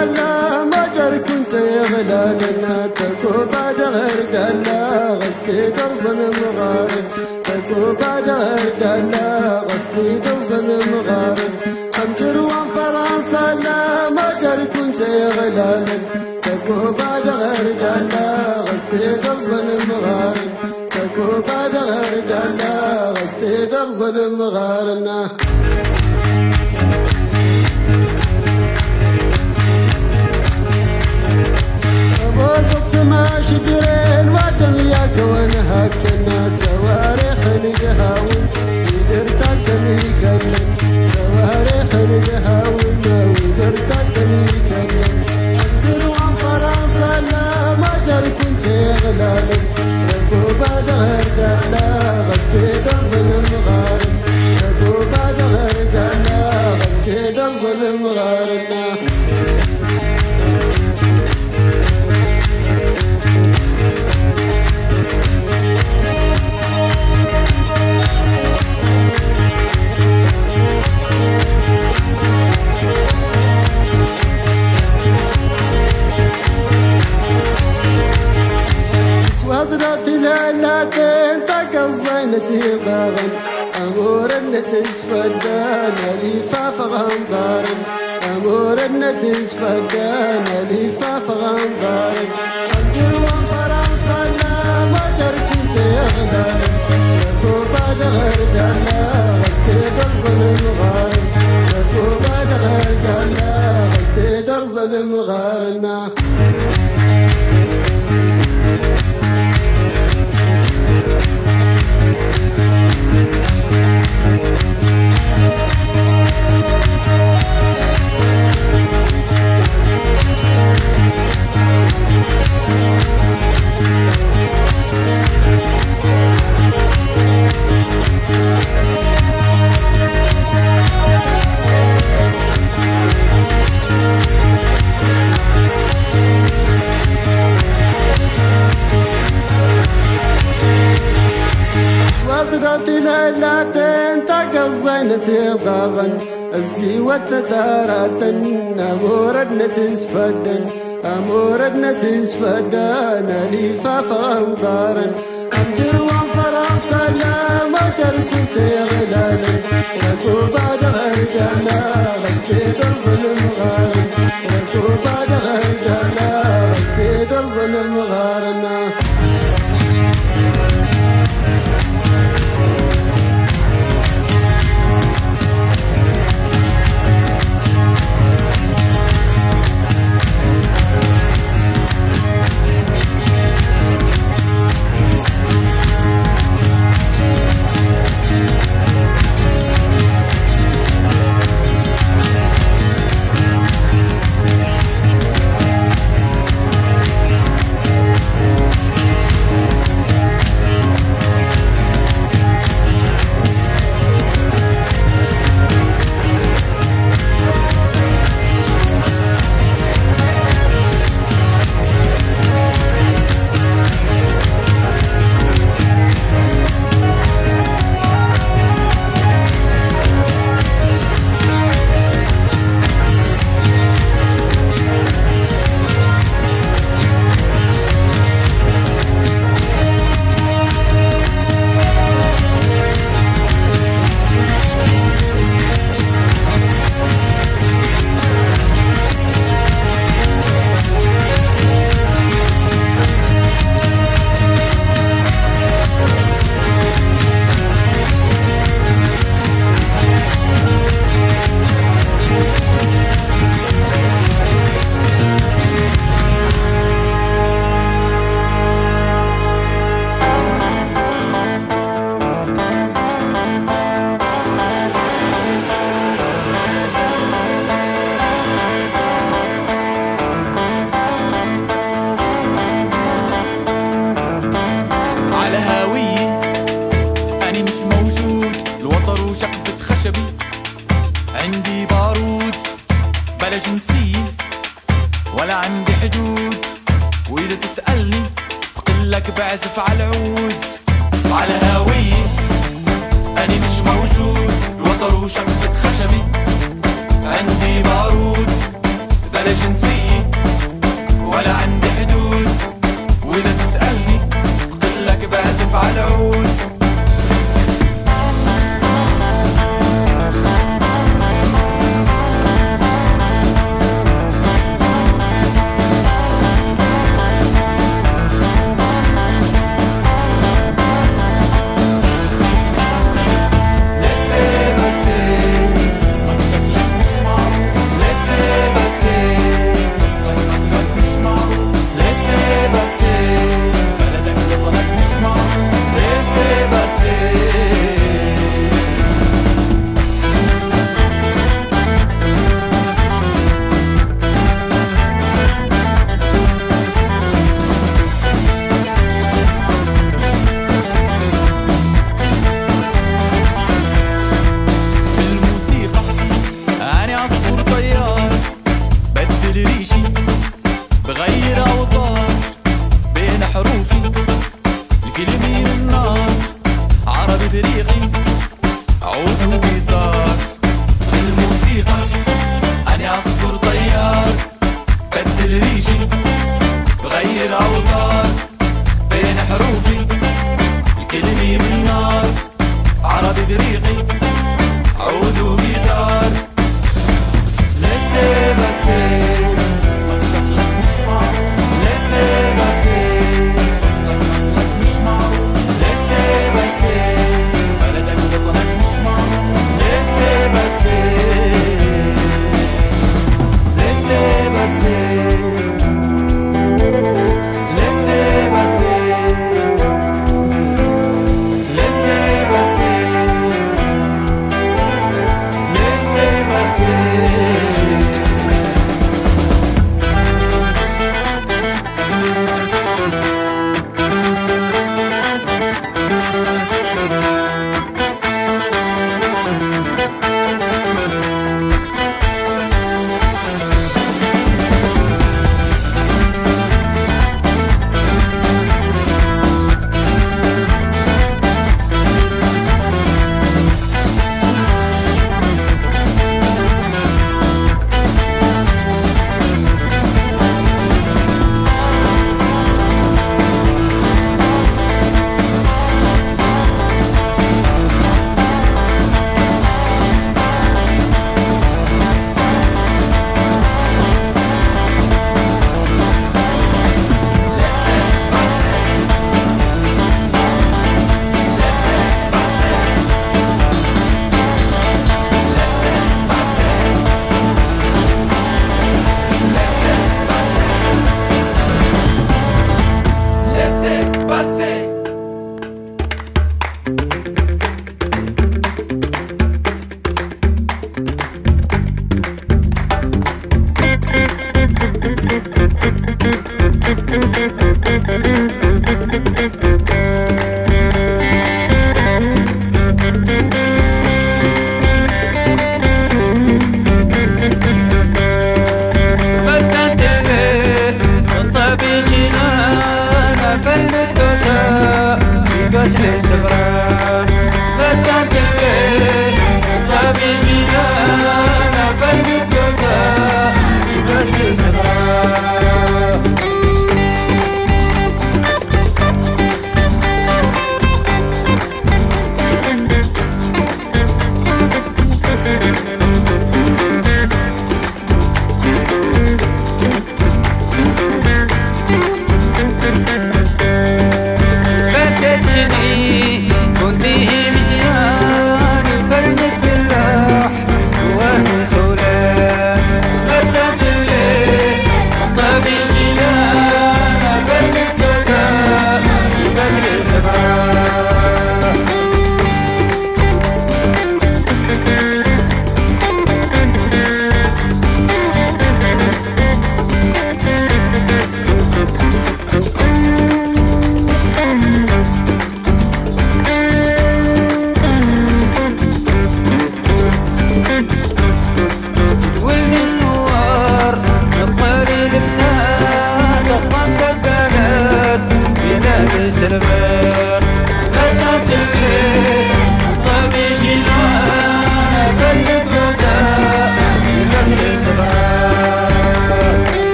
لا ما جر كنت يغلى لنا تكو بعد غير دلا غستي درزن مغارب تكو بعد غير دلا غستي درزن مغارب أمجر وفرنسا لا ما جر كنت يغلى تكو بعد غير دلا غستي درزن مغارب تكو بعد غير دلا غستي درزن مغارنا to do it. نتي ضاغن أمور النتس فدان لفاف غنضار أمور النتس فدان لفاف غنضار أنجر وفرنسا لا مجر كنت يغدار لكو بعد غردانا غستيدر ظلم غارن لكو بعد لا غستيدر ظلم غارنا الزيوات تاراتن أمورنا تسفدن أمورنا تسفدن أليفا فأمطارن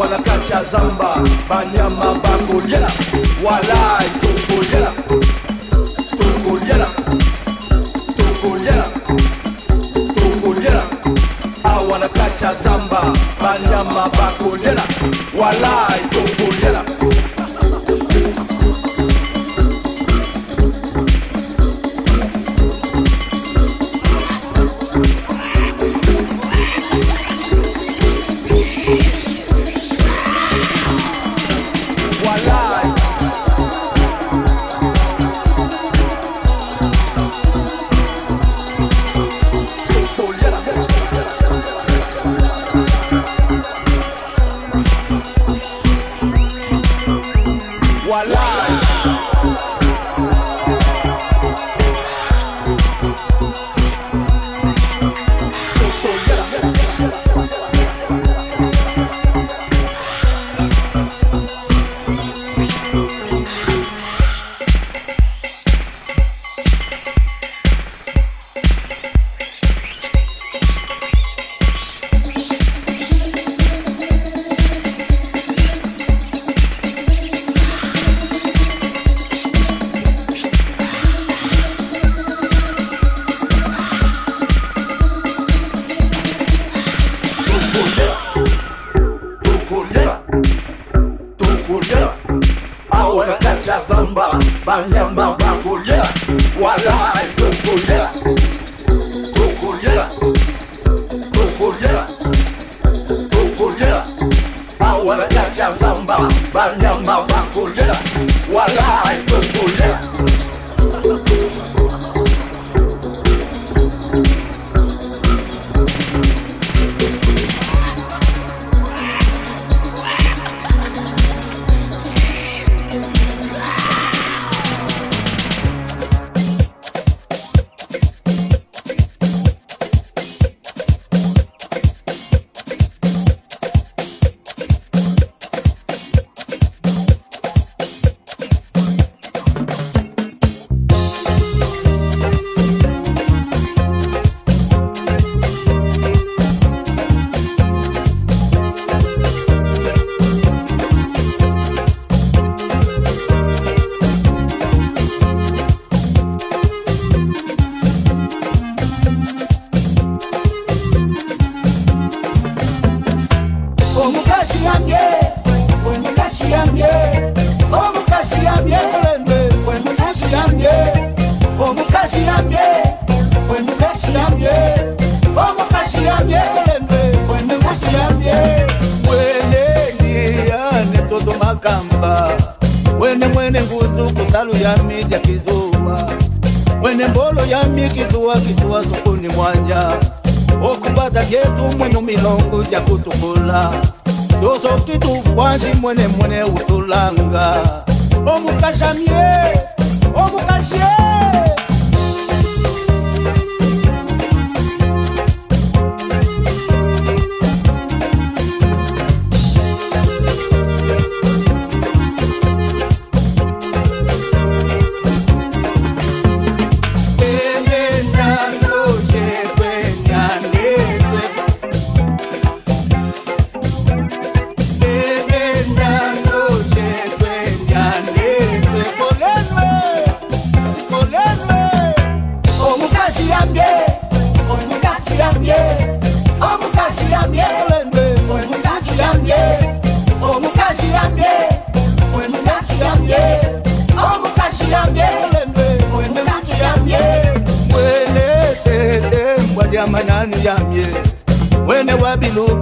wanakacha zamba banyama bakoliela walai tokoliela tokoliela tokoliela tokoliela awanakacha zamba banyama bakoliela walai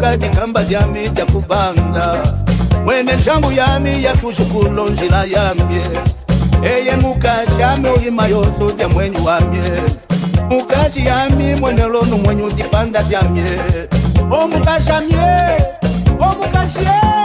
kubanga tekamba lyami lya kubanga mwene njangu yami yatuje kulonjila yamye eye mukashi ame oyima yoso lya mwenyu wamye mukashi yami mwene lonu mwenyu dipanda lyamye omukashi amye omukashi ye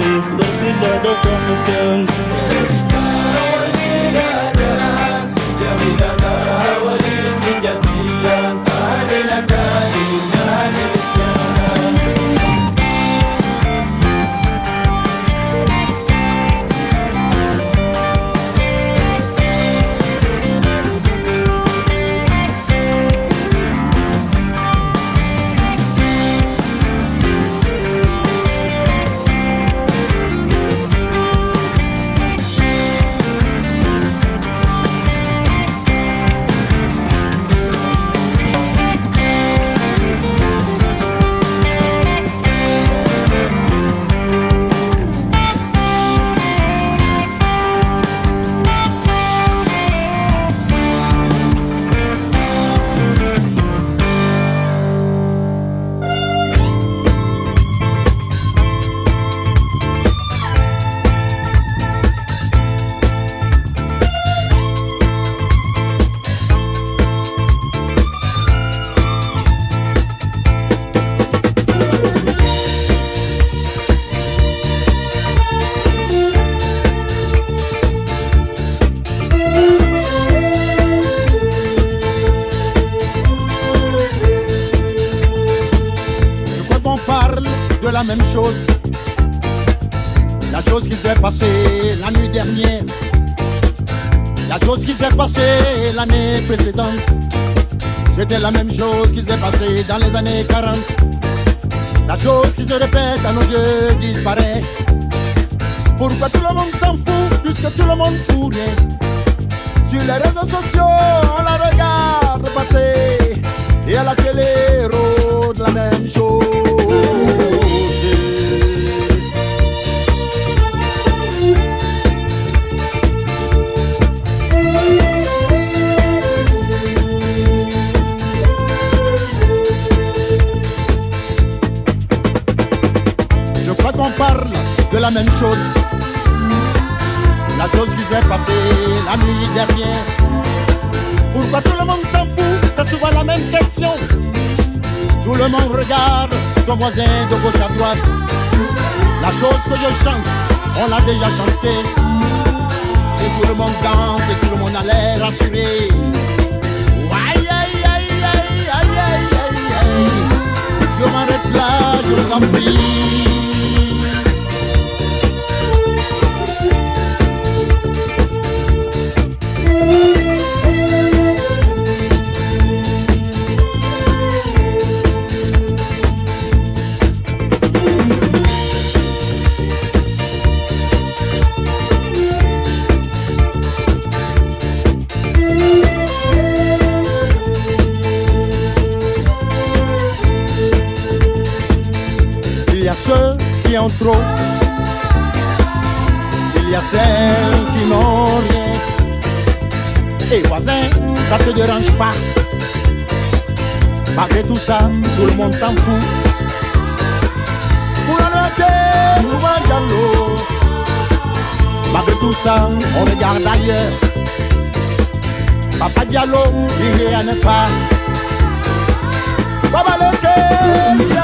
Feliz, olvidado 40. La chose qui se répète à nos yeux disparaît. Pourquoi tout le monde s'en fout puisque tout le monde tournait Sur les réseaux sociaux, on la regarde passer et à la télé rôde la même chose. regard son voisin de gauche à droite. La chose que je chante, on l'a déjà chantée. Et tout le monde danse et tout le monde a l'air assuré. Aïe, aïe, aïe, aïe, aïe, aïe, aïe, aïe. Je m'arrête là, je vous en prie. pa Malgré tout ça, tout le monde s'en fout Pour la noter, nous vendons Malgré tout ça, on regarde ailleurs Papa Diallo, il n'y a pas Papa Loté, il y a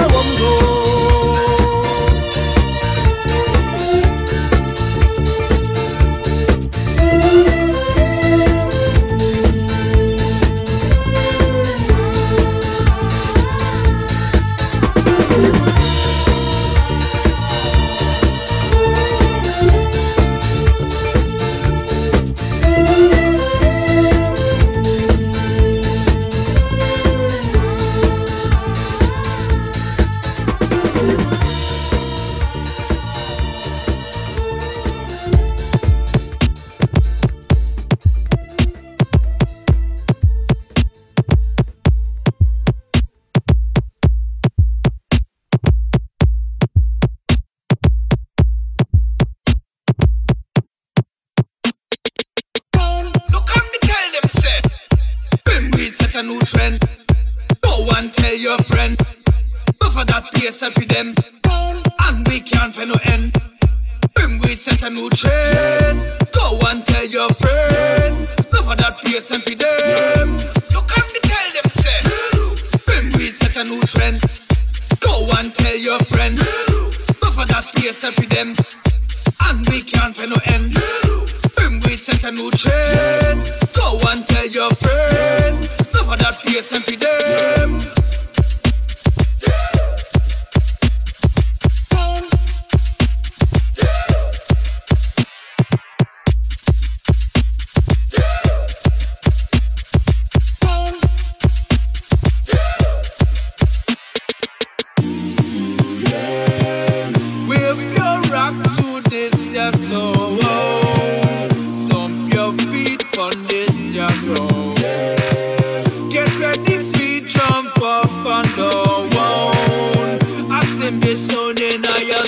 them.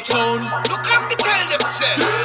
tone. Look at me tell them, say.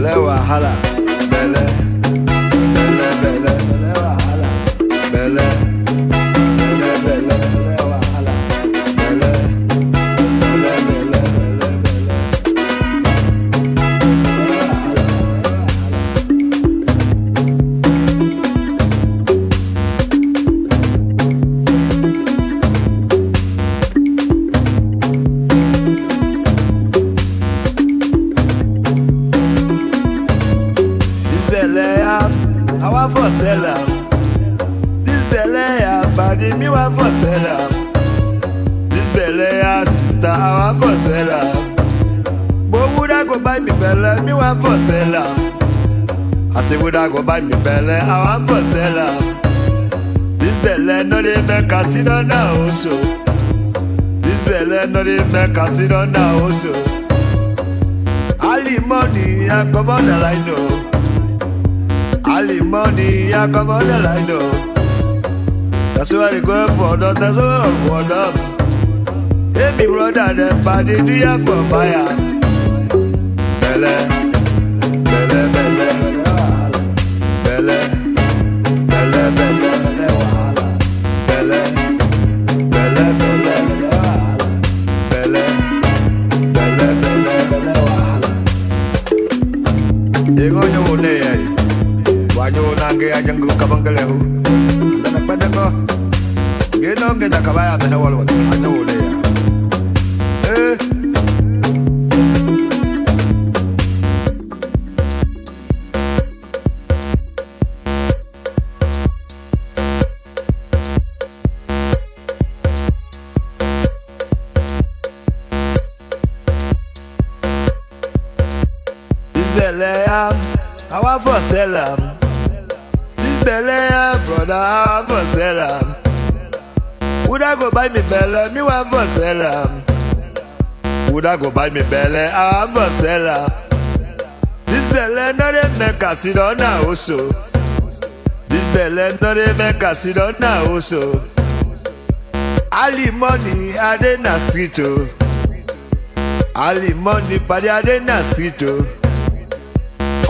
Hello, Hala. Sit casino now also. This belle no even make us sit casino now also. Ali money, I come on the line no. Oh. Ali money, I come on the line no. Oh. That's why they go for that, that's why I for that. Hey, me brother, them body do ya for fire. Belle. I want for Selam. This belle, brother, our for Selam. Would I go buy me belle? Me want for Selam. Would I go buy me Bethlehem? I'm for Selam. This belle no dey make a sit on a so. This belle no dey make a sit on now, so. Ali money, I na street, oh. Ali money, but I na street, oh.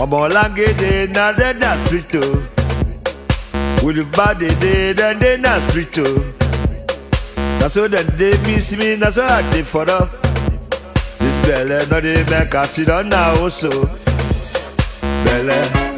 I'm all getting now, na dẹ́nà street body, olùbádédé na dẹ́nà street too. That's so that they miss me that's so i dey for up this belle no dey back, i on na also belle.